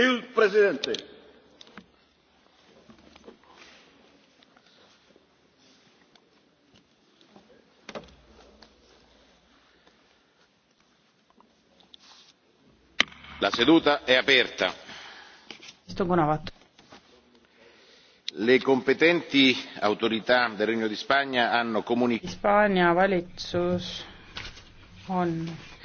il presidente. la seduta è aperta. le competenti autorità del regno di spagna hanno comunicato. hispaania valitsus on